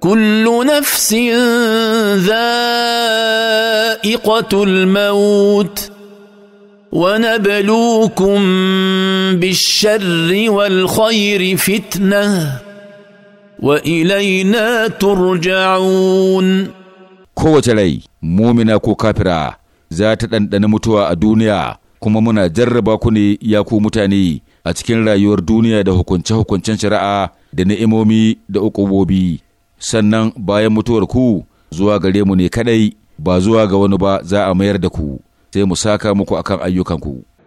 كل نفس ذائقه الموت ونبلوكم بالشر والخير فتنه والينا ترجعون kowace rai mumina ko kafira za ta ɗanɗana mutuwa a duniya kuma muna jarraba ku ne ya ku mutane a cikin rayuwar duniya da hukunce-hukuncen shari'a da ni'imomi da uƙubobi sannan bayan mutuwar ku zuwa gare mu ne kadai ba zuwa ga wani ba za a mayar da ku sai mu saka muku akan ayyukanku.